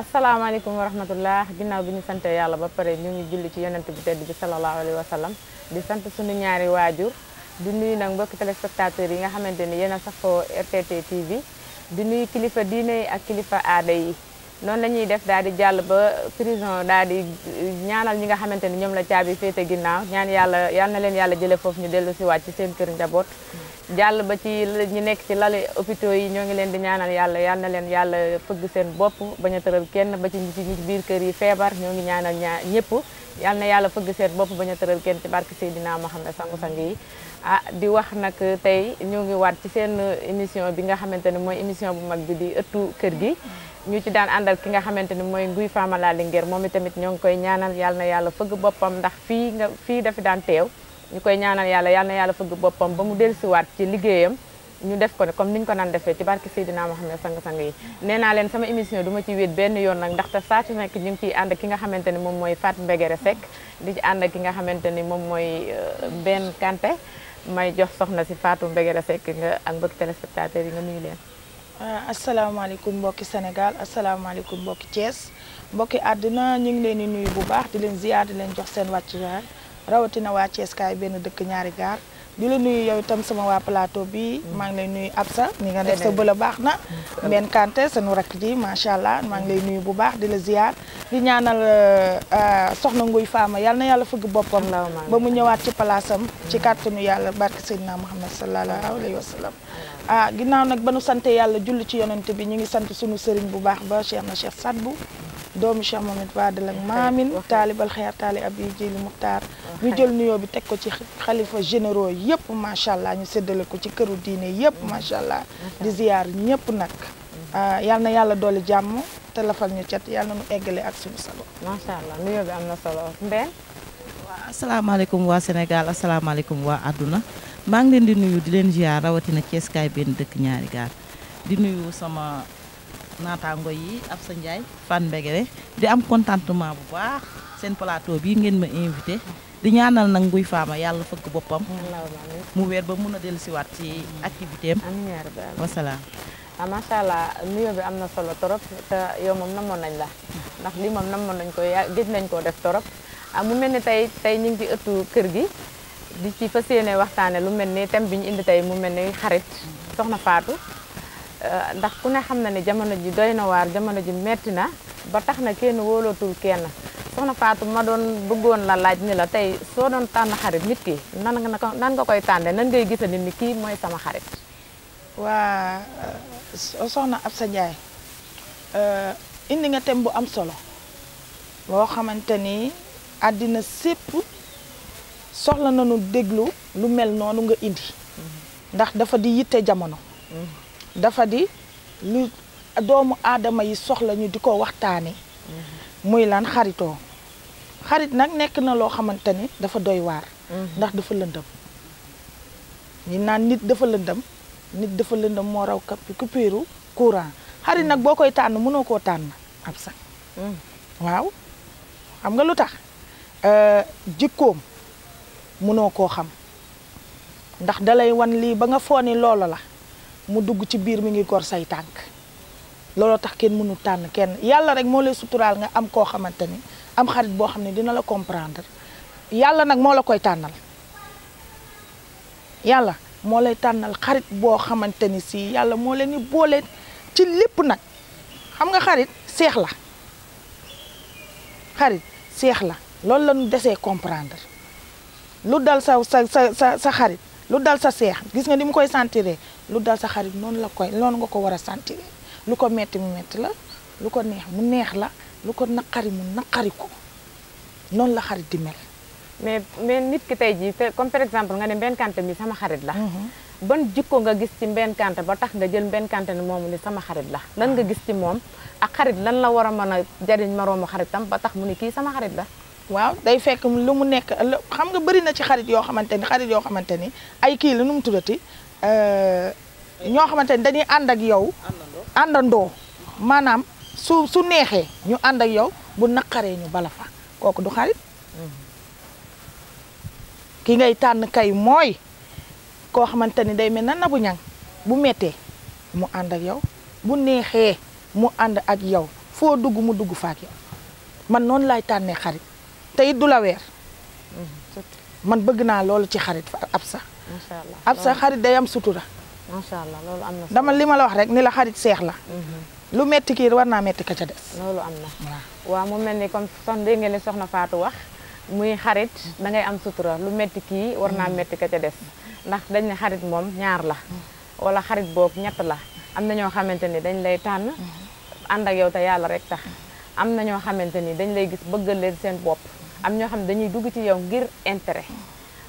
asalaamaaleykum wa rahmatullah ginnaaw bi ñu santee yàlla ba pare ñu ngi julli ci yonent bu tedd bi sallallahu alayhi wa sallam di sant suñu ñaari waajur di nuyu nag mbokki téléspectateurs yi nga xamante ni yéen a safoo RTT TV di nuyu kilifa diine yi ak kilifa aada yi noonu la ñuy def daal di jàll ba prison daal di ñaanal ñi nga xamante ni ñoom la caabi féete ginnaaw ñaan yàlla yal na leen yàlla jële foofu ñu dellu si waat ci seen kër njaboot jàll ba ci ñi nekk ci lali hôpitaux yi ñoo ngi leen di ñaanal yàlla yal na leen yàlla fëgg seen bopp bañ a kenn ba ci ñi ci biir kër yi feebar ñoo ngi ñaanal ñaa ñëpp yal na yàlla fëgg seen bopp bañ a tëral kenn ci barke Seydina Muhammad sangu-sang yi ah di wax nag tey ñoo ngi waat ci seen émission bi nga xamante ne mooy émission bu mag bi di ëttu kër gi ñu ci daan àndal ki nga xamante ni mooy nguy faamala li ngir moom itamit ñoo ngi koy ñaanal yàlla na yàlla fëgg boppam ndax fii nga fii dafi daan teew ñu koy ñaanal yàlla yal yàlla fëgg boppam ba mu dellusiwaat ci liggéeyam ñu def ko comme ñu ko naan defee ci barke Seydina Mohamed sang-sang yi nee naa leen sama émission du ma ci wéet benn yoon nag ndaxte saa su nekk ñu ngi ciy ànd ki nga xamante ni moom mooy Fatou Mbegere Seck di ci ànd ki nga xamante ni moom mooy euh, benn kante may jox soxna si Fatou Mbegere Seck nga ak mbokki téléspectateurs yi nga nuy leen euh, asalaamaaleykum mbokki Sénégal asalaamaaleykum mbokki Thiès mbokki àdduna ñu ngi leen di nuyu bu baax di leen ziar di jox seen wàccuwaay rawatina waa Thiès benn dëkk ñaari gaar di la nuyu yow itam sama waa plateau bi maa ngi lay nuyu Absa ni nga def sa bëla baax na mbenn Kanté sanu rakk ji macha allah maa ngi lay nuyu bu baax di la ziar di ñaanal euh, euh, soxna nguy faama yal na yàlla fëgg boppam ba mu ñëwaat ci palaasam ci kàttanu yàlla barke Seydina Muhammad sallallahu alayhi wa sallam ah ginnaaw nag ba nu sant yàlla julli ci yonante bi ñu ngi sant suñu sëriñ bu baax ba Cheikh na Cheikh Sadbu doomu Cheikh Mohamed Fadel ak maamin taalibal xeer taali ab yi ji li ñu jël nuyoo bi teg ko ci xalifa généraux yëpp macha allah ñu séddale ko ci këru diine yëpp macha mm. allah. di ziyaar ñëpp nag. Mm. Ah, yal na yàlla doole jàmm te lafal ñu cet yal na ñu eggale ak suñu sago. macha bi am na solo Mbène. waaw asalaamaaleykum waa Sénégal asalaamaaleykum waa àdduna maa ngi leen di nuyu di leen ziyaar rawatina Cees kaay benn dëkk ñaari gaar di nuyu sama. naataango yi ab sa Ndiaye fan mbegere di am contentement bu baax seen plateau bii ngeen ma invité li ñaanal nag Mbuy Faama yàlla fëgg boppam. mu weer ba mun a dellusiwaat ci activité am. wasalaam. Ah, macha allah nuyoo bi am na solo torop te yow moom namoon nañ la ndax lii moom namoon nañ ko yaa gëj nañ koo def torop ah, mu mel ni tey tey ñu ngi ci ëttu kër gi di ci fas yéene waxtaane lu mel ni thème bi ñu indi tey mu mel ni xarit soxna Faatu ah, ndax ku ne xam na ne jamono ji doy na waar jamono ji metti na ba tax na kenn wóolootul kenn soxna Fatou ma doon bëggoon la laaj ni la tey soo doon tànn xarit nit ki nan nga ko nan nga koy tànne nan ngay gisa nit ni kii mooy sama xarit waa soxna ab sa Ndiaye euh, indi nga tem bu am solo boo xamante ni àddina sépp soxla nañu déglu lu mel noonu nga indi ndax dafa di yitte jamono dafa di lu doomu aadama yi soxla ñu di ko waxtaane muy lan xaritoo xarit nag nekk na loo xamante ni dafa doy waar mhm. ndax dafa lëndëm ñi naan nit dafa lëndëm nit dafa lëndëm moo raw kappi coupiru courant xarit nag boo koy tànn mënoo koo tànn ab sax mhm. waaw xam nga lu tax euh, jikkoom mënoo ko xam ndax dalay wan lii ba nga fooni loolu la mu dugg ci biir mi ngi gor say tànk looloo tax kenn mënu tànn kenn yàlla rek moo lay suturaal nga am koo xamante ni am xarit boo xam ne dina la comprendre yàlla nag moo la koy tànnal yàlla moo lay tànnal xarit boo xamante ni si yàlla moo leen ni boole ci lépp nag xam nga xarit seex la xarit seex la loolu la ñu desee comprendre lu dal sa sa sa sa xarit lu dal sa seex gis nga ni mu koy sentiree lu dal sa xarit noonu la koy noonu nga ko war a sentiree lu ko metti mu metti la lu ko neex mu neex la lu ko naqari mu naqari ko noonu la xarit di mel. mais mais nit ki tey jii comme par exemple nga ne Mbène Kanté mi sama xarit la. Mhm. ban jikko nga gis ci Mbène Kanté ba tax nga jël Mbène Kanté ni moomu ni sama xarit la. lan nga gis ci moom a xarit lan la war a mën a jariñ maroomu tam ba tax mu ni kii sama xarit la. waaw day fekk lu mu nekk xam nga bëri na ci xarit yoo xamante ni xarit yoo xamante ni ay kii la nu mu tuddati euh, ñoo xamante ni dañuy ànd ak yow. àndandoo maanaam. su su neexee ñu ànd ak yow bu naqaree ñu bala fa kooku du xarit mm-hmm. ki ngay tànn kay mooy koo xamante ni day mel na nabu ñang bu mettee mu ànd ak yow bu neexee mu ànd ak yow foo dugg mu dugg fa ak yow man noonu laay tànnee xarit te it du la weer mm-hmm. man bëgg naa loolu ci xarit fa ab sa ab sa xarit day am sutura dama li ma la wax rek ni la xarit seex la mm-hmm. lu metti kii war naa metti ka ca des. loolu am na waaw mu mel ni comme son dégg soxna Fatou wax muy xarit da ngay am sutura lu metti kii war naa mm. metti ka ca des ndax dañ ne xarit moom ñaar la wala xarit boobu ñett la am na ñoo xamante ni dañ lay tànn mm-hmm. ànd ak yow te yàlla rek tax am na ñoo xamante ni dañ lay gis bëggal leen seen bopp am ñoo xam dañuy dugg ci yow ngir intérêt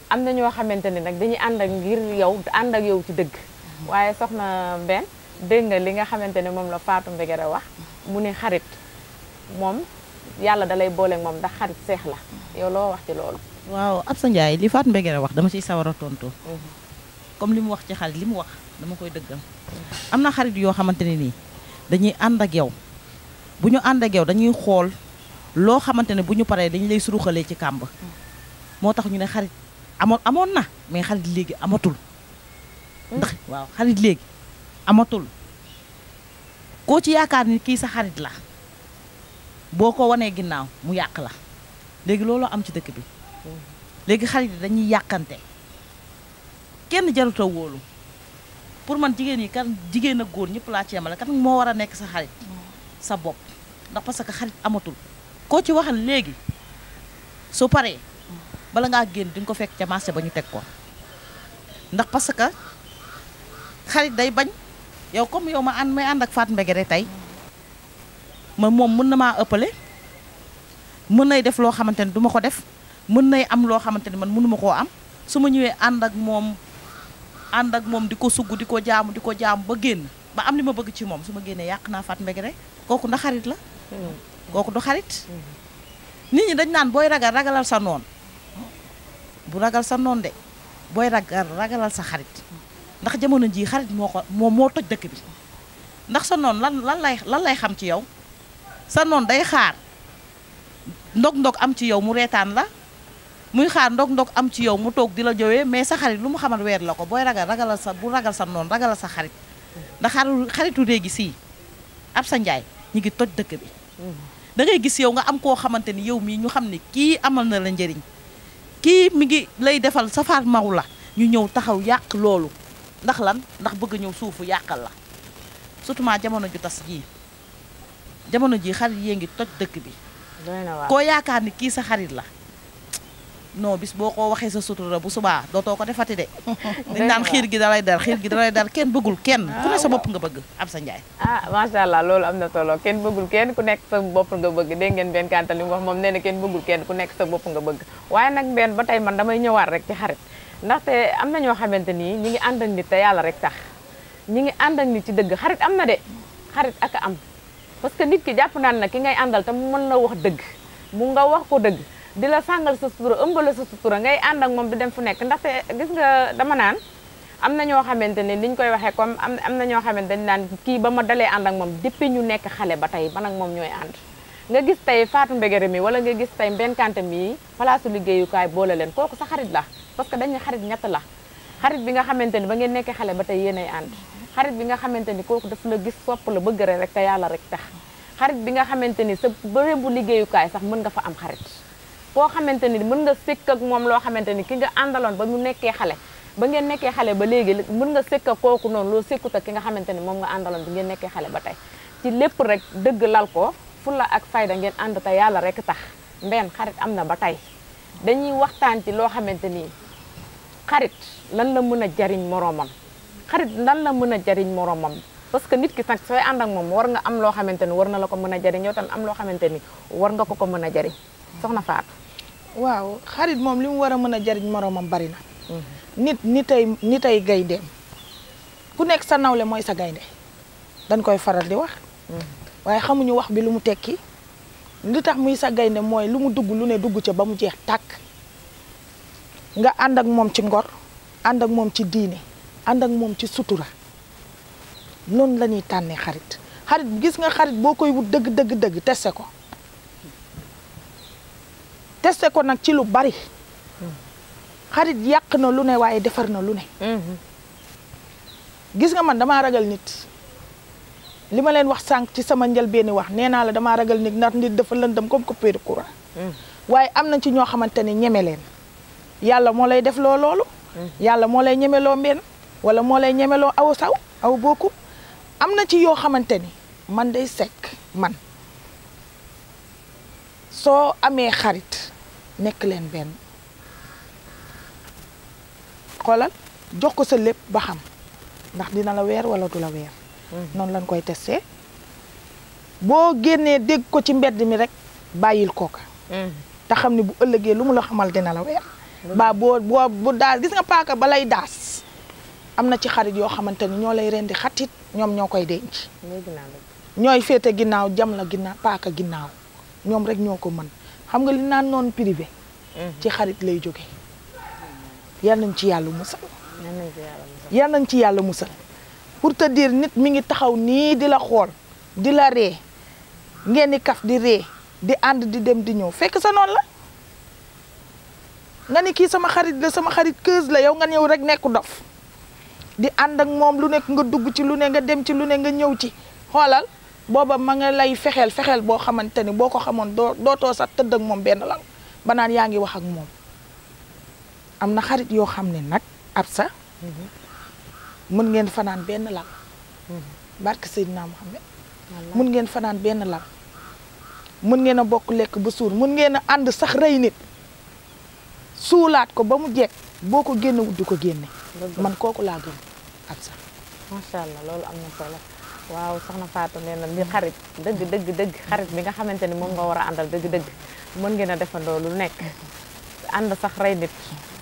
am na ñoo xamante ni nag dañuy ànd ak ngir yow ànd ak yow ci dëgg mm-hmm. waaye soxna Mbène dégg nga li nga xamante ne moom la Fatou Mbegere wax mu ne xarit moom yàlla dalay boole moom ndax xarit seex la yow loo wax ci loolu. waaw Absa Ndiaye li Fatou Mbegere wax dama ciy sawar a tontu. Mm-hmm. comme li mu wax ci xarit li mu wax dama koy dëggal. am na xarit yoo xamante ne nii dañuy ànd ak yow bu ñu ànd ak yow dañuy xool loo xamante ne bu ñu paree dañu lay suruxalee ci kàmb. Mm-hmm. moo tax ñu ne xarit amoon amoon na mais xarit léegi amatul. Mm-hmm. ndax waaw xarit léegi. amatul koo ci yaakaar ni kii sa xarit la boo ko wanee ginnaaw mu yàq la léegi looloo am ci dëkk bi léegi xarit yi dañuy yàkkante kenn jarutoo wóolu pour man jigéen yi kan jigéen ak góor ñëpp laa ci yemale kan moo war a nekk sa xarit sa bopp ndax parce que xarit amatul koo ci waxal léegi su paree bala ngaa génn di ko fekk ca marché ba ñu teg ko ndax parce que xarit day bañ yow comme yow ma ànd may ànd ak Fatou Mbégué tey ma moom mën na maa ëppale mën nay def loo xamante ni du ko def mën nay am loo xamante ni man mënuma koo am su ma ñëwee ànd ak moom ànd ak moom di ko sugg di ko jaamu di ko jaamu ba génn ba am li ma bëgg ci moom su ma génnee yàq naa Fatou Mbégué kooku ndax xarit la kooku du xarit nit ñi dañ naan booy ragal ragalal sa noon bu ragal sa noon de booy ragal ragalal sa xarit ndax jamono jii xarit moo ko moo moo toj dëkk bi ndax sa noon lan lan lay lan lay xam ci yow sa noon day xaar ndog-ndog am ci yow mu reetaan la muy xaar ndog-ndog am ci yow mu toog di la jowee mais sa xarit lu mu xamal weer la ko booy ragal ragalal sa bu ragal sa noonu ragalal sa xarit ndax xaritu léegi sii ab sa njaay ñi ngi toj dëkk bi dangay gis yow nga am koo xamante ni yow mii ñu xam ne kii amal na la njëriñ kii mi ngi lay defal safaar maw la ñu ñëw taxaw yàq loolu ndax lan ndax bëgg ñëw suufu yàqal la surtout jamono ju tas jii jamono jii xarit yee ngi toj dëkk bi. koo yaakaar ni kii sa xarit la. non bis boo ko waxee sa sutura bu subaa dootoo ko defati de. dañ naan xiir gi dalay dal xiir gi dalay dal kenn bëggul kenn. Ah, ku ne sa bopp bëgg am sa njaay. ah macha allah loolu am na solo kenn bëggul kenn ku nekk sa bopp nga bëgg dégg ngeen benn kàntal wax moom nee na kenn bëggul kenn ku nekk sa bopp nga bëgg waaye nag benn ba tey man damay ñëwaat rek ci xarit. ndaxte am na ñoo xamante ni ñi ngi ànd ak nit te yàlla rek tax ñi ngi ànd ak nit ci dëgg xarit am na de xarit ak am parce que nit ki jàpp naan na ki ngay àndal tam mën na wax dëgg mu nga wax ko dëgg di la sàngal sa sutura ëmbala sa sutura ngay ànd moom di dem fu nekk ndaxte gis nga dama naan am na ñoo xamante ni liñ koy waxee comme am am na ñoo xamante ni naan kii ba ma dalee ànd ak moom depuis ñu nekk xale ba tey man ak moom ñooy ànd nga gis tey Fatou Mbégéré mi wala nga gis tey mbenkante mi palaasu liggéeyukaay boole leen kooku sa xarit la parce que dañu xarit ñett la xarit bi nga xamante ni ba ngeen nekkee xale ba tey yéenay xarit bi nga xamante ni kooku dafa la gis sopp la bëgg rek te yàlla rek tax xarit bi nga xamante ni sa bërëb bu liggéeyukaay sax mën nga fa am xarit koo xamante ni mën nga sëkk ak moom loo xamante ni ki nga àndaloon ba mu nekkee xale ba ngeen xale ba léegi mën nga sëkk ak kooku noonu loo sëkkut ak ki nga xamante ni moom nga àndaloon bi ngeen nekkee xale ba tey ci lépp rek dëgg lal ko fulla ak fayda ngeen ànd te yàlla rek tax mbenn xarit am na ba tey dañuy waxtaan ci loo xamante ni xarit lan la mën a jariñ moroomam xarit lan la mën a jariñ moroomam parce que nit ki sax sooy ànd ak moom war nga am loo xamante ni war na la ko mën a jariñ yow am loo xamante ni war nga ko ko mën a jariñ soxna Fatou waaw xarit moom li mu war a mën a jariñ moroomam bari na mhm. nit nitay nitay gayndeem ku nekk sa nawle mooy sa gaynde dañ koy faral di wax mhm. waaye xamuñu wax bi lu mu tekki lu tax muy sa gaynde mooy lu mu dugg lu ne dugg ca ba mu jeex tàkk nga ànd ak moom ci ngor ànd ak moom ci diine ànd ak moom ci sutura noonu la ñuy tànnee xarit xarit gis nga xarit boo koy wut dëgg dëgg dëgg teste ko teste ko nag ci lu bari xarit yàq na lu ne waaye defar na lu ne mm-hmm. gis nga man dama ragal nit li ma leen wax sànq ci sama njëlbeeni wax nee naa la damaa ragal nit ndax nit dafa lëndëm comme coupé de courant. Hmm. waaye am na ci ñoo xamante ne ñeme leen yàlla moo lay def loo loolu. Hmm. yàlla moo lay ñemeloo mbenn wala moo lay ñemeloo aw saw aw bokku am na ci yoo xamante ni man day sekk man soo amee xarit nekk leen benn xoolal jox ko sa lépp ba xam ndax dina la weer wala du la weer. Mhm. noonu lañ koy testé boo génnee dégg ko ci mbedd mi rek bàyyil kooka mhm. te xam ne bu ëllëgee lu mu la xamal dina la weex mhm. baa boo boo bu daal gis nga paaka ba lay daas am na ci xarit yoo xamante ni ñoo lay rendi xatit ñoom ñoo koy denc ñooy féete ginnaaw jam la ginnaaw paaka ginnaaw ñoom rek ñoo ko mën xam nga li naan noon privé ci xarit lay jóge yal nañ ci yàlla musal yal nañ ci yàlla musal pour te diir nit mi ngi taxaw nii di la xool di la ree ngeen di kaf di ree di ànd di dem di ñëw fekk sa noonu la nga ni kii sama xarit la sama xarit keuse la yow nga ñëw rek nekku dof di ànd ak moom lu nekk nga dugg ci lu ne nga dem ci lu ne nga ñëw ci xoolal booba ma nga lay fexeel fexeel boo xamante ni boo ko xamoon doo dootoo sax tëdd ak moom benn la banaan yaa ngi wax ak moom am na xarit yoo xam ne nag ab sa mhm. mën ngeen fanaan benn lal mm-hmm. barke Seydina Mohamed mën ngeen fanaan benn lal mën ngeen a bokk lekk ba suur mën ngeen a ànd sax rey nit suulaat ko ba mu jekk boo ko génne wut du ko génne man kooku laa gëm ak sax macha allah loolu am na solo waaw sax na nee na li xarit dëgg dëgg dëgg xarit bi nga xamante ni moom nga war a àndal dëgg dëgg mën ngeen a defandoo lu nekk ànd sax rey nit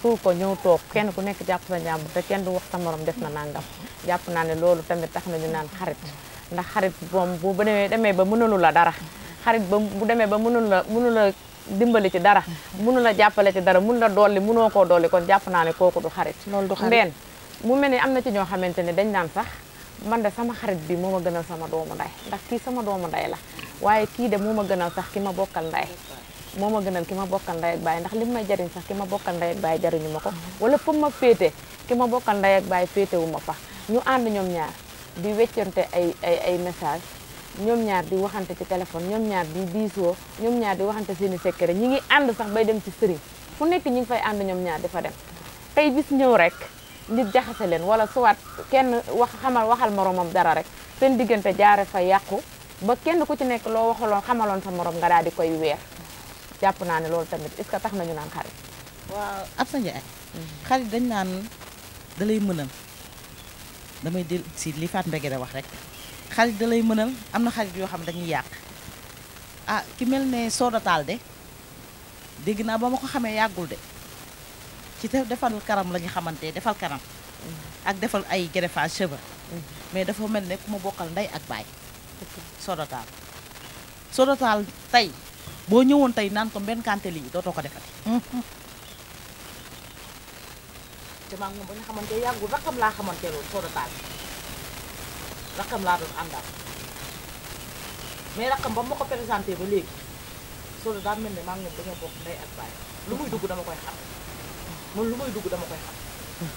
tuur ko ñëw toog kenn ku nekk jàpp sa njàmb te kenn du wax sa morom def na nangam jàpp naa ne loolu tamit tax nañu naan xarit ndax xarit moom bu demee demee ba mënalu la dara xarit ba bu demee ba mënul la mënul dimbali ci dara mënul la jàppale ci dara mënul la dolli mënoo koo dolli kon jàpp naa ne kooku du xarit mbenn mu mel ni am na ci ñoo xamante ne dañ naan sax man de sama xarit bi moo gën gënal sama doomu nday ndax kii sama doomu nday la waaye kii de moo ma a sax ki ma bokkal nday moo ma gënal ki ma bokkal ndey baay ndax li may jariñ sax ki ma bokkal ndey jariñu ma ko wala fa ma féete ki ma bokkal ndey ak baay féetewu ma fa ñu ànd ñoom ñaar di weccante ay ay ay message ñoom ñaar di waxante ci téléphone ñoom ñaar di diisoo ñoom ñaar di waxante seeni rek ñi ngi ànd sax bay dem ci sëriñ fu nekk ñi ngi fay ànd ñoom ñaar di fa dem tey bis ñëw rek nit jaxase leen wala suwaat kenn wax xamal waxal moroomam dara rek seen diggante jaare fa yàqu ba kenn ku ci nekk loo waxaloon xamaloon sa morom nga daal di koy weer jàpp naa ne loolu tamit est-ce que tax nañu naan xarit waaw Absa Ndiaye xarit dañ naan dalay lay mënal damay del si li Fatou Mbege da wax rek xarit dalay lay mënal am na xarit yoo xam dañuy yàq ah ki mel ne Soda de dégg naa ba ma ko xamee yàggul de ci defal karam la ñu xamante defal karam ak defal ay greffage cheveux mais dafa mel ne ku ma bokkal ndey ak baay Soda Tall tey boo ñëwoon tey naan ko benn kante lii dootoo ko defati. te maa moom ba ñu xamante yàggul rakkam laa xamante loolu soo de taal rakkam laa doon àndal mais rakkam ba ma ko ba léegi soo de mel ne maa ngi moom dañoo bokk ndey ak baay lu muy dugg dama koy xam man lu muy dugg dama koy xam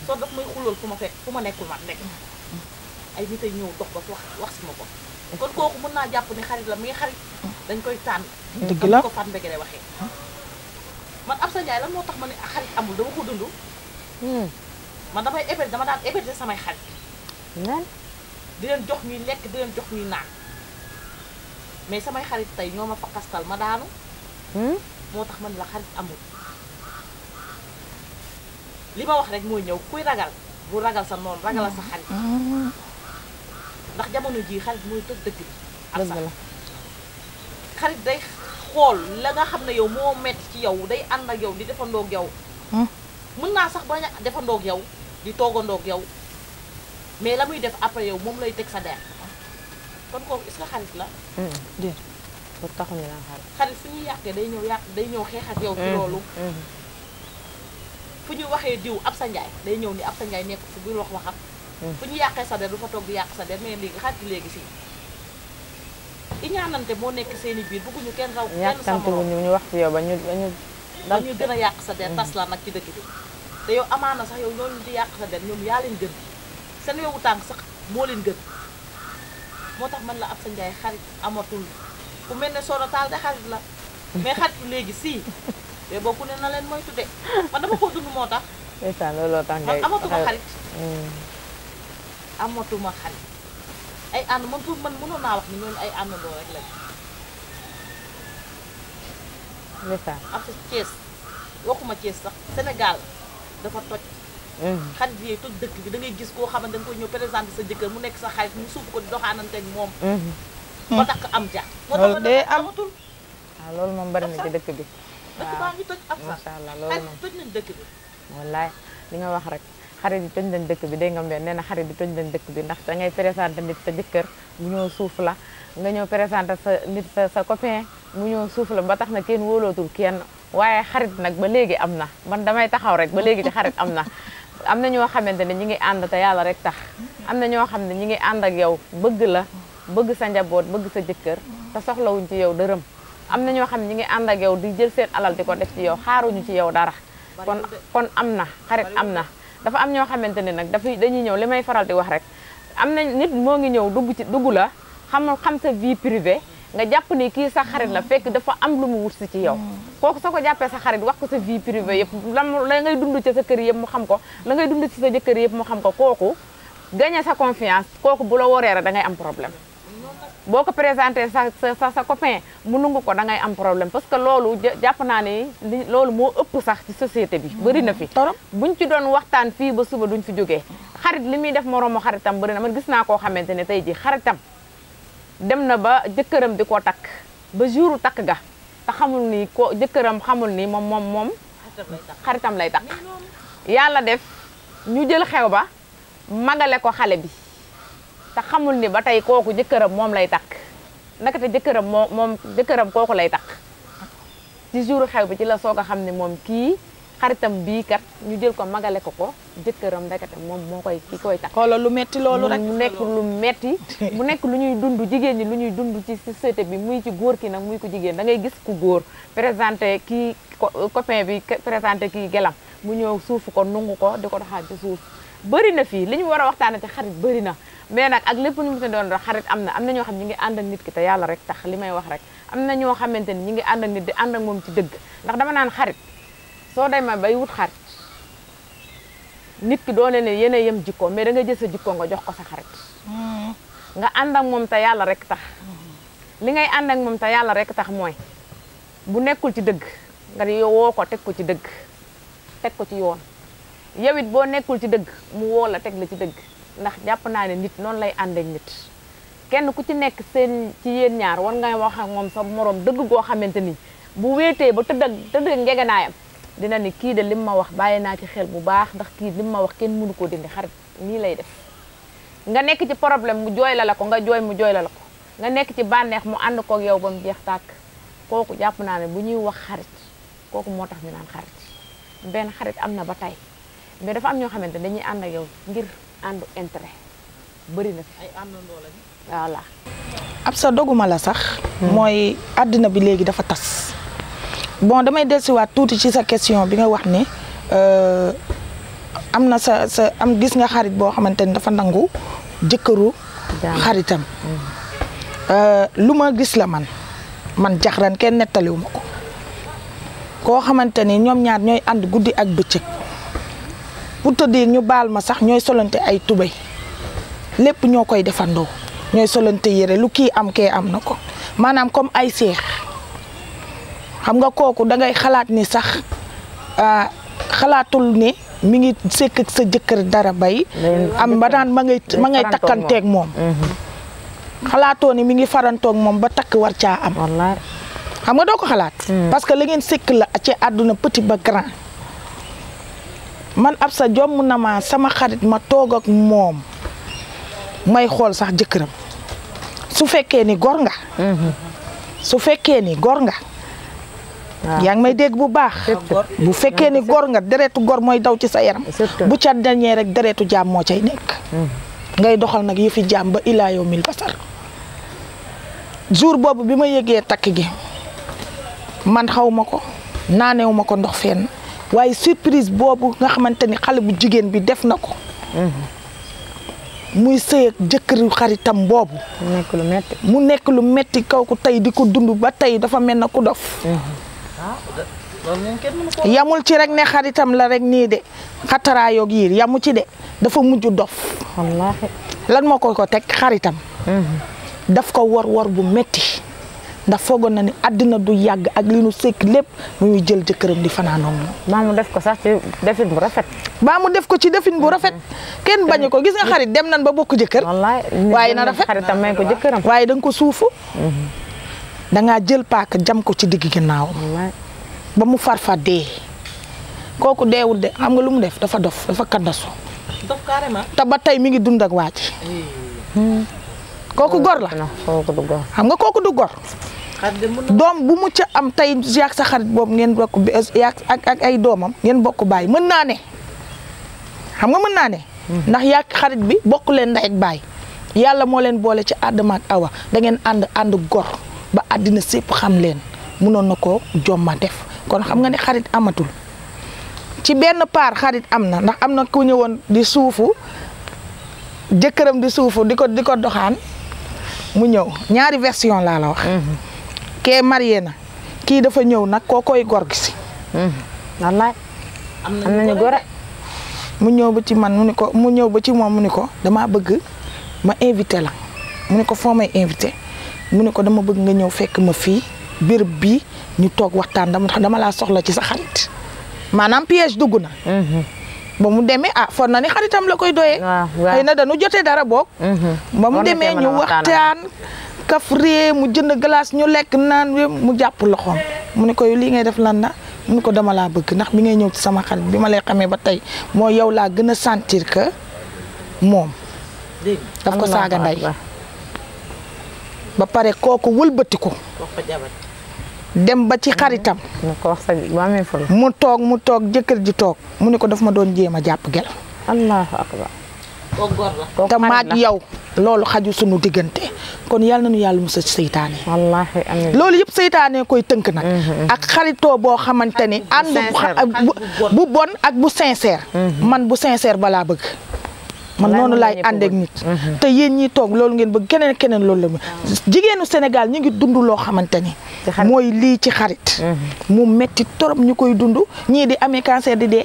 soo daf may xulool fu ma fekk fu ma nekkul man nekk ay nit ay ñëw dox ba wax wax si ma ko kon kooku mën naa jàpp ne xarit la mais xarit dañ koy tànn. dëgg la ko Fatou Mbengue lay waxee. man Absa Ndiaye lan moo tax ma ne xarit amul dama ko dund. Hmm. man damay héberger dama daan de samay xarit. nan di leen jox ñuy lekk di leen jox ñuy naan mais samay xarit tey ñoo ma fakastal ma daanu. Hmm? moo tax man la xarit amul. li ma wax rek mooy ñëw kuy ragal bu ragal sa noonu ragalal sa xarit. Hmm. ndax jamono jii xarit mooy tëj dëkk bi. am sax xarit day xool la nga xam na yow moo metti ci yow day ànd ak yow di defandoog yow hmm? mën naa sax ba a defandoog yow di toogandoog yow mais la muy def après yow moom lay teg sa der kon kooku est xarit la hmm, déet boobu taxuñu naan xarit xarit fu ñuy yàqee day ñëw yàq day ñëw xeex ak yow ci hmm, loolu fu ñu waxee diw ab sa njaay day ñëw ni ab sa njaay nekk fi bu wax waxam fu ñu yàqee sa der du fa toog yàq sa der mais léegi xarit léegi sii iñaanante moo nekk seen i biir bëgguñu kenn raw kenn sa morom ñu wax fi yow ba ñu ba ñu ñu gën yàq sa der tas la nag ci dëkk bi te yow amaana sax yow ñooñu di yàq sa der ñoom yaa leen gën seen yowu tànk sax moo leen gën moo tax man la ab sa njaay xarit amatul ku mel ne Soxna Tall de xarit la mais xaritu léegi sii mais boo ne na leen moytu de man dama koo dund moo tax ndeysaan looloo tax ngay man amatuma xarit mm. amatuma xarit ay ànd man pour man mënoon naa wax ni ñooñu ay àndandoo rek lañ. ndeysaan am sa Thiès waxuma Thiès sax ah, Sénégal dafa toj. Eh. xarit yi toj dëkk bi da gis koo xamante da nga koy ñëw présenté sa jëkkër mu nekk sa xaalis mu suuf ko doxaanante ak moom. moo eh. takk am ja. loolu day am moo tax ah, loolu moom bari na ci dëkk bi. waaw dëkk baa allah loolu moom toj nañ dëkk bi. wallaay li nga wax rek. xarit yi toj nañ dëkk bi dégg nga mbeen nee na xarit yi toj bi ndax da ngay présenté nit sa jëkkër mu ñëw suuf la nga ñëw présenté sa nit sa sa copain mu ñëw suuf la ba tax na kenn wóolootul kenn waaye xarit nag ba léegi am na man damay taxaw rek ba léegi ci xarit am na am na ñoo xamante ne ñi ngi ànd te yàlla rek tax am na ñoo xam ne ñi ngi ànd ak yow bëgg la bëgg sa njaboot bëgg sa jëkkër te soxlawuñ ci yow dërëm am na ñoo xam ne ñi ngi ànd ak di jël seen alal di ko def ci yow xaaruñu ci yow dara kon am na xarit am na dafa am ñoo xamante ne nag dafay dañuy ñëw li may faral di wax rek am na nit moo ngi ñëw dugg ci dugg la xam xam sa vie privée nga jàpp ni kii sa xarit la fekk dafa am lu mu wut si ci yow kooku soo ko jàppee sa xarit wax ko sa vie privée yëpp lam la ngay dund ci sa kër yëpp mu xam ko la ngay dund ci sa jëkkër yëpp mu xam ko kooku gagné sa confiance kooku bu la waree rek dangay ngay am problème boo ko présenté sa sa sa copain mu nungu ko dangay am problème parce que loolu jàpp naa ne li loolu moo ëpp sax ci société bi mm-hmm. bëri na fi buñ ci doon waxtaan fii ba suba duñ fi jógee xarit li muy def moroomu xaritam bëri na man gis naa koo xamante ne tey ji xaritam dem na ba jëkkëram di ko takk ba jouru takk ga te xamul ni ko jëkkëram xamul ni moom moom moom xaritam lay takk yàlla def ñu jël xew ba magale ko xale bi te xamul ni ba tey kooku jëkkëram moom lay takk naka te jëkkëram moo moom jëkkëram kooku lay takk ci jour xew bi ci la soog a xam ne moom kii xaritam bii kat ñu jël ko magale ko ko jëkkëram ndekete moom moo koy ki koy takk xoolal lu metti loolu rek mu nekk lu metti mu nekk lu ñuy dundu jigéen ñi lu ñuy dund ci société bi muy ci góor ki nag muy ko jigéen da ngay gis ku góor présenté kii copain bi présenté kii gelam mu ñëw suufu ko nungu ko di ko doxaan suuf bëri na fii li ñu war a waxtaane ci xarit bëri na mais nag ak lépp nu te doon rek xarit am na am na ñoo xam ñi ngi ànd ak nit ki te yàlla rek tax li may wax rek am na ñoo xamante ni ñi ngi ànd ak nit di ànd ak moom ci dëgg ndax dama naan xarit soo demee bay wut xarit nit ki doone ne yéen a yem jikko mais da nga jël sa jikko nga jox ko sa xarit mm-hmm. nga ànd ak moom ta yàlla rek tax mm-hmm. li ngay ànd ak moom te yàlla rek tax mooy bu nekkul ci dëgg nga di woo ko teg ko ci dëgg teg ko ci yoon yow it boo nekkul ci dëgg mu woo la teg la ci dëgg ndax jàpp naa ne nit noonu lay ànd nit kenn ku ci nekk seen ci yeen ñaar war ngay wax ak moom sa moroom dëgg goo xamante ni bu wéetee ba tëdd ak tëdd ak dina ni kii de lim ma wax bàyyi naa ci xel bu baax ndax kii lim ma wax kenn mënu koo dindi xarit nii lay def nga nekk ci problème mu jooy la la ko nga jooy mu jooy la la ko nga nekk ci bànneex mu ànd koog yow ba mu jeex tàkk kooku jàpp naa ne bu ñuy wax xarit kooku moo tax ñu naan xarit benn xarit am na ba tey dafa am ñoo xamante dañuy ànd yow ngir àndu intérêt bëri na fi. ab sa doguma la sax. mooy àddina bi léegi dafa tas. bon damay dellusiwaat tuuti ci sa question bi nga wax ne euh, am na sa sa am gis nga xarit boo xamante ni dafa nangu jëkkëru. xaritam. Mm. Euh, lu ma gis la man man jaxran kenn nettaliwu ko. koo xamante ni ñoom ñaar ñooy ànd guddi ak bëccëg. pour te dire ñu baal ma sax ñooy solante ay tubéy lépp ñoo koy defandoo ñooy solante yére lu kii am kee am na ko maanaam comme ay seex xam nga kooku dangay xalaat ni sax euh, xalaatul ni mi ngi sekk sa jëkkër dara bay am ba daan ma ngay ma ngay takkanteeg moom mm-hmm. xalaatoo ni mu ngi farantoog moom ba takk war caa am xam nga doo ko xalaat mm. parce que la ngeen sekk la ci àdduna petit ba grand man ab sa jomm na ma sama xarit ma toog ak moom may xool sax jëkkëram su fekkee ni gor nga mm-hmm. su fekkee ni gor nga ah. yaa ngi may dégg bu baax bu fekkee ni gor nga deretu gor mooy daw ci sa yaram bu ca dañee rek deretu jaam moo cay nekk mm-hmm. ngay doxal nag yi fi jaam ba ilaa yow mil basar jour boobu bi ma yëgee takk gi man xaw ma ko naanewuma ko ndox fenn waaye surprise boobu nga xamante ni xale bu jigéen bi def na ko. Mhm. muy sëy ak jëkkëru xaritam boobu. mu nekk lu metti mu nekk lu metti kaw tey di ko dund ba tey dafa mel na ku dof. Mhm. yamul ci rek ne xaritam la rek nii de xataraayoog yiir yamu ci de dafa mujj dof. wallaahi lan moo ko ko teg xaritam. Mhm. daf ko wor wor bu metti ndax foogoon na ni àddina du yàgg ak li nu sekk lépp mu ñuy jël jëkkëram di fanaanoo moom. maa mu def ko sax ci defin bu rafet. maa mu def ko ci defin bu rafet. kenn mm-hmm. bañu ko gis nga xarit dem nan ba bokk jëkkër. wallaay waaye na rafet xaritam may ko jëkkëram. waaye da ko suufu. Mm-hmm. da jël paaka jam ko ci digg ginnaawam. ba mu farfa dee. kooku deewul de xam nga lu mu def dafa dof dafa kandasu. te ba tey mi ngi dund ak waaj. kooku gor la xam nga kooku du gor. doom bu mucc am tey yaag sa xarit boobu ngeen bokk yaag ak ak ay doomam ngeen bokk baay mën naa ne xam nga mën naa ne. Hmm. ndax yaag xarit bi bokk leen ndey baay yàlla moo leen boole ci Adama ak Awa da ànd ànd gor ba àddina sépp xam leen mënoon na ko jomma def kon xam nga ni xarit amatul ci benn paar xarit am na ndax am na ku ñëwoon di suufu jëkkëram di suufu di ko di ko doxaan mu ñëw ñaari version laa la wax. Mm-hmm. kee marié na kii dafa ñëw nag koo koy gor gi si. Mm-hmm. wallaay am nañu mu ñëw ba ci man mu ko mu ñëw ba ci moom mu ni ko damaa bëgg ma invité la mu ni ko foo may invité mu ni ko dama bëgg nga ñëw fekk ma fii béréb bii ñu toog waxtaan dama dama laa soxla ci sa xarit maanaam piège dugg na. Mm-hmm. ba mu demee ah for na ni xaritam la koy doyee xëy na dañu jotee dara boog mhm. ba mu demee ñu waxtaan kaf mu jënd glace ñu lekk naan mu jàpp loxoom mu ne koy lii ngay def lan mu ne ko dama laa bëgg ndax bi ngay ñëw ci sama xal bi ma lay xamee ba tey moo yow laa gën a sentir que moom daf ko saaga ndey ba pare kooku wëlbatiku dem ba ci xaritam. Mm-hmm. mu ko wax mu toog mu toog jëkkër ji toog mu ne ko daf ma doon jéem a jàpp gel. allahu akbar. te maag yow loolu xaju sunu diggante kon yal nañu yàlla mu musa seytaane wallaahi amiin loolu yépp seytaane koy tënk nag mm-hmm. ak xaritoo boo xamante ni ànd bu bon ak bu sincère mm-hmm. man bu sincère balaa bëgg man noonu laay ànd ak nit mhm. te yéen ñi toog loolu ngeen bëgg keneen keneen loolu la jigéenu Sénégal ñu ngi dund loo xamante ni mooy lii ci xarit mhm. mu metti torop ñu koy dund ñii di amee cancer di dee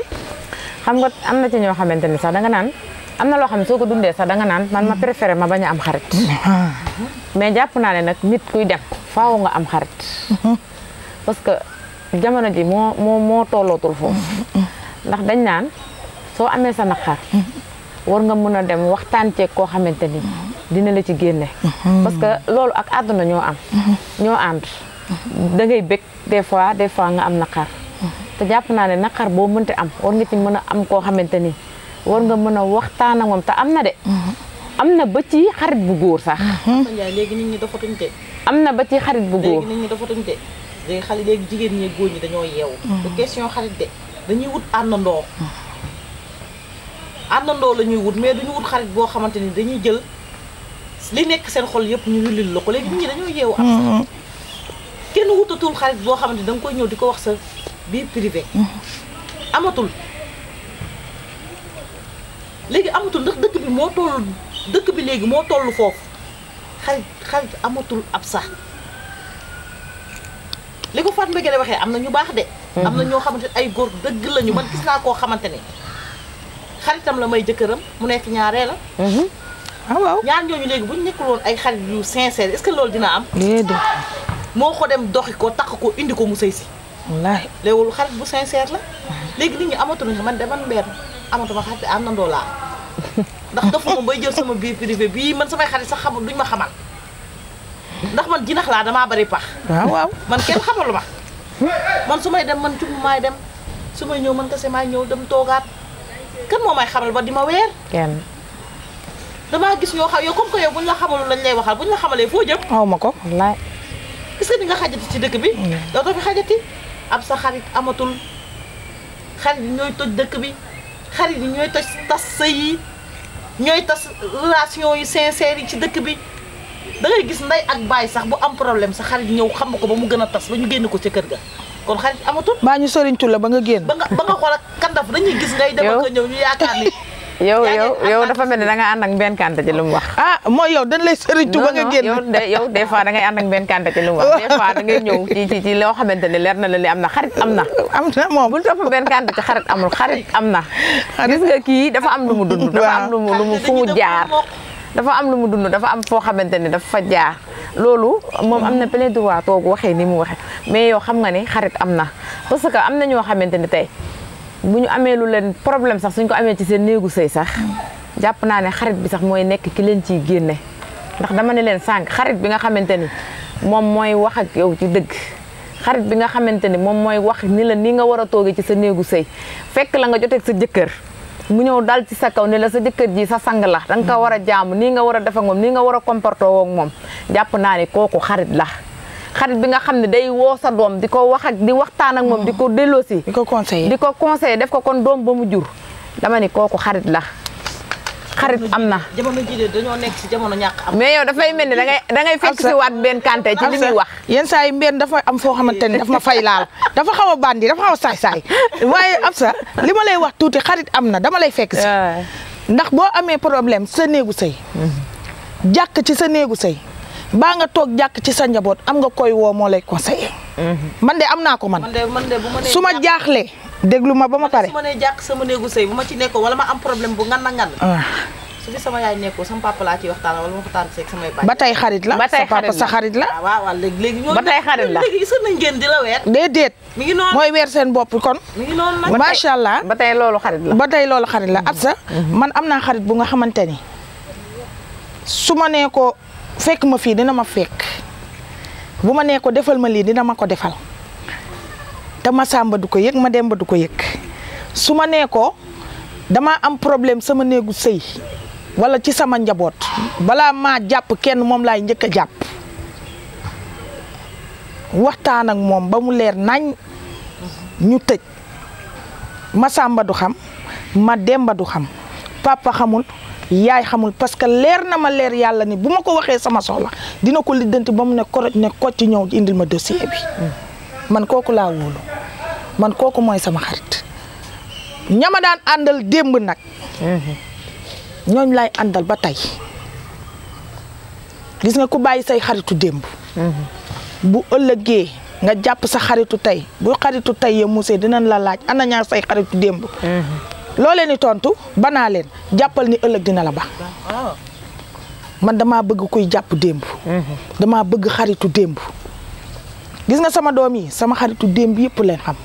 xam nga am na ci ñoo xamante ni sax da nga naan am na loo xam ne soo ko dundee sa danga naan man ma mm. préféré ma bañ a am xarit ah. mais jàpp naa ne nag nit kuy dem faaw nga am xarit mhm. parce que jamono ji moo moo moo tollootul foofu ndax dañ naan soo amee sa naqar war nga mën a dem waxtaan ceeg koo xamante ni dina la ci génne mhm. parce que loolu ak àdduna ñoo am mhm. ñoo ànd mhm. da ngay bëgg des fois des fois nga am na xar te jàpp naa ne naqar boo mënte am war nga ci mën a am koo xamante ni war nga mën a waxtaan ak moom te am na de am na ba ci xarit bu góor sax léegi nit ñi dafatuñ de am na ba ci xarit bu góor léegi nit ñi xale léegi jigéen ñi góor ñi dañoo yeewu du question xarit de dañuy wut àndandoo àndandoo la ñuy wut mais dañu wut xarit boo xamante ni dañuy jël li nekk seen xol yëpp ñu yullil la ko léegi nit ñi dañoo yeewu am mm-hmm. kenn wutatul xarit boo xamante ni da koy ñëw di ko wax sa biir privé mm-hmm. amatul léegi amatul ndax dëkk bi moo toll bi léegi moo toll foofu xarit xarit amatul ab sax li ko Fatou Mbégué waxee am na ñu baax de mm-hmm. am na ñoo xamante ni ay góor dëgg lañu man gis naa koo xamante ne xaritam la may jëkkëram mu nekk ñaaree la mhm. ah waaw ñaar ñooñu léegi buñ nekkul ay xarit yu sincère est-ce que dina am déedéet moo ko dem doxi ko takk ko indi ko mu sëy si wallaahi léewul xarit bu sincère la léegi nit ñi amatuñu man de man mbeer amatuma xarit am na ndoo laa ndax dafa moom bay jël sama biir privé bii man samay xarit sax xamul duñ ma xamal ndax man jinax laa damaa bari pax waaw ah, waaw man kenn xamalu ma man su may dem man cub maay dem su may ñëw man kese maay ñëw dem toogaat kan moo may xamal ba di ma weer. kenn. damaa gis ñoo xam yow comme que yow buñ la xamalul lañ lay waxal buñ la xamalee foo jëm. xaw ma ko wallaay. est-ce nga xajati ci dëkk bi. Mm. dootoo fi xajati am sa xarit amatul xarit yi ñooy toj dëkk bi xarit yi ñooy toj tas sëy yi ñooy tas relation yu sincère yi ci dëkk bi da ngay gis ndey ak baay sax bu am problème sa xarit ñëw xam ko ba mu gën a tas ba ñu génn ko ca kër ga. kon xarit amatul. maa ñu soriñtu la ba nga génn. ba nga ba nga xool ak kandaf dañuy gis ngay dem ak ñëw ñu yaakaar ni. yow yow yow dafa mel ni da nga ànd ak benn kante ci lu mu wax. ah mooy yow dañ lay sëriñtu ba nga génn. yow yow des fois da ngay ànd ak benn kante ci lu mu wax. des fois da ngay ñëw ci ci ci loo xamante ne leer na la ne am na xarit am na. am na moom bul topp benn kante ci xarit amul xarit am na. gis nga kii dafa am lu mu dund. dafa am lu mu lu mu fu mu jaar. dafa am lu mu dund dafa am foo xamante ne dafa fa jaar. loolu moom am na plein waa toog waxee ni mu waxee mais yow xam nga ni xarit am na parce que am na ñoo xamante ne tey bu ñu amee lu leen problème sax suñ ko amee ci seen néegu sëy sax jàpp naa ne xarit bi sax mooy nekk ki leen ciy génne ndax dama ne leen sànq xarit bi nga xamante ni moom mooy wax ak yow ci dëgg xarit bi nga xamante ni moom mooy wax ni la ni nga war a toogee ci sa néegu sëy fekk la nga joteeg sa jëkkër mu ñëw dal ci sa kaw ne la sa jëkkër ji sa sang la danga ko war a jaamu ni nga war a def ak moom nii nga war a comporté woo moom jàpp naa ne kooku xarit la xarit bi nga xam ne day woo sa doom di ko wax ak di waxtaan ak moom hmm. di ko delloosi di ko conseillé def ko kon doom ba mu jur dama ne kooku xarit la xarit am na. jamono jii dañoo nekk ci jamono ñàkk am. mais yow dafay mel ni dangay dangay fekk si waat benn kante ci li muy wax. yenn saa yi mbeen dafa am foo xamante ni daf ma fay laal dafa xaw a bandi dafa xaw a saay-saay waaye am sa li ma lay wax tuuti xarit am na dama lay fekk si. ndax boo amee problème sa néegu sëy mm-hmm. jàkk ci sa néegu sëy baa nga toog jàkk ci sa njaboot am nga koy woo moo lay conseiller. Mm-hmm. man de am naa ko man. man de man su ma jaaxlee. déglu ma ba ma pare. su ma sama néegu sëy bu ma ci nekkoon wala ma am problème bu ngan na ngan. Ah. sama yaay nekkoo sama papa laa ciy waxtaan wala ma waxtaan ak ba tey xarit la ba tey xarit la sa papa xarit la. Ah, waaw waaw léegi léegi ñooñu. ba tey xarit la léegi sën nañ ngeen di mi ngi noonu mooy weer seen bopp kon. mi ngi noonu nag macha allah. ba tey loolu xarit la ba tey loolu xarit la at sa. Mm-hmm. Mm-hmm. man am naa xarit bu nga xamante ni su ma nee ko fekk ma fii dina ma fekk bu ma nee defal ma lii dina ma ko defal te ma sàmba du ko yëg ma demba du ko yëg su ma nee ko damaa am problème sama néegu sëy wala ci sama njaboot balaa maa jàpp kenn moom laay njëkk a jàpp waxtaan ak moom ba mu leer nañ ñu tëj ma sàmba du xam ma demba du xam papa xamul yaay xamul parce que leer na ma leer yàlla ni bu ma ko waxee sama soxla dina ko lijjanti ba mu ne koroj ne kocc ñëw indil ma dossier bi mm. man kooku laa wóolu man kooku mooy sama xarit ñama daan àndal démb nag ñooñ lay àndal ba tey gis nga ku bàyyi say xaritu démb bu ëllëgee nga jàpp sa xaritu tey bu xaritu tey ya musee dinañ la laaj ana ñaar say xaritu démb loo leen di tontu banaa leen jàppal ni ëllëg dina la ba man damaa bëgg kuy jàpp démb damaa bëgg xaritu démb gis nga sama doom yi sama xaritu démb yëpp leen xam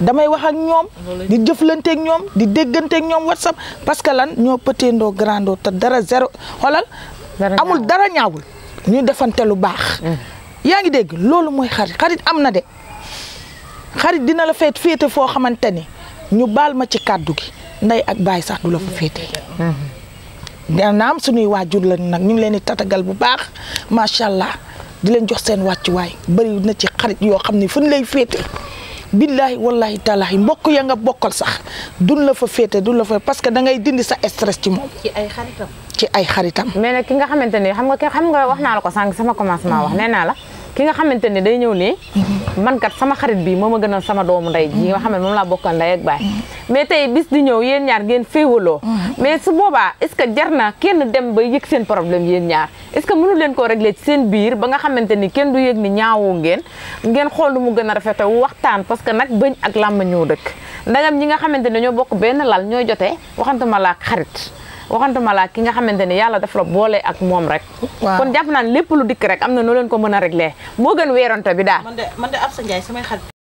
damay wax ak ñoom di jëflanteeg ñoom di dégganteeg ñoom whatsapp parce que lan ñoo pëteendoo grandoo te dara zéro xoolal amul dara ñaawul ñu defante lu baax mm. yaa ngi dégg loolu mooy xarit xarit am na de xarit dina la féet féete foo xamante ni ñu baal ma ci kàddu gi ndey ak baay sax du la fa féete mm-hmm. naam suñuy waajur la nag ñu ngi leen di tatagal bu baax macha allah di leen jox seen wàccuwaay bëri na ci xarit yoo xam ne fu ñu lay féete billaahi wallaahi taalaahi mbokk ya nga bokkal sax duñ la fa féete duñ la fa parce que da ngay dindi sa stress ci moom. ci ay xaritam. ci ay xaritam. mais nag ki nga xamante ne xam nga xam nga wax naa la ko sànq sama commencement wax nee naa la. ki nga xamante ne day ñëw ne man kat sama xarit bi gën a sama doomu ndey ji nga xam ne moom laa bokkal ndey ak baay mais tey bis di ñëw yéen ñaar ngeen féewaloo mais su boobaa est ce que jar na kenn dem ba yëg seen problème yéen ñaar est ce que mënu leen koo régler ci seen biir ba nga xamante ni kenn du yëg ni ñaawoo ngeen ngeen xool lu mu gën a rafete waxtaan parce que nag bëñ ak làmb ñëw dëkk ndagam ñi nga xamante ne ñoo bokk benn lal ñooy jotee waxantuma laa xarit waxantuma laa ki nga xamante ne yàlla daf la boole ak moom rek kon jàpp naan lépp lu dikk rek am na noo leen ko mën a réglé moo gën weeronte bi daal man de man de Absa Ndiaye samay xarit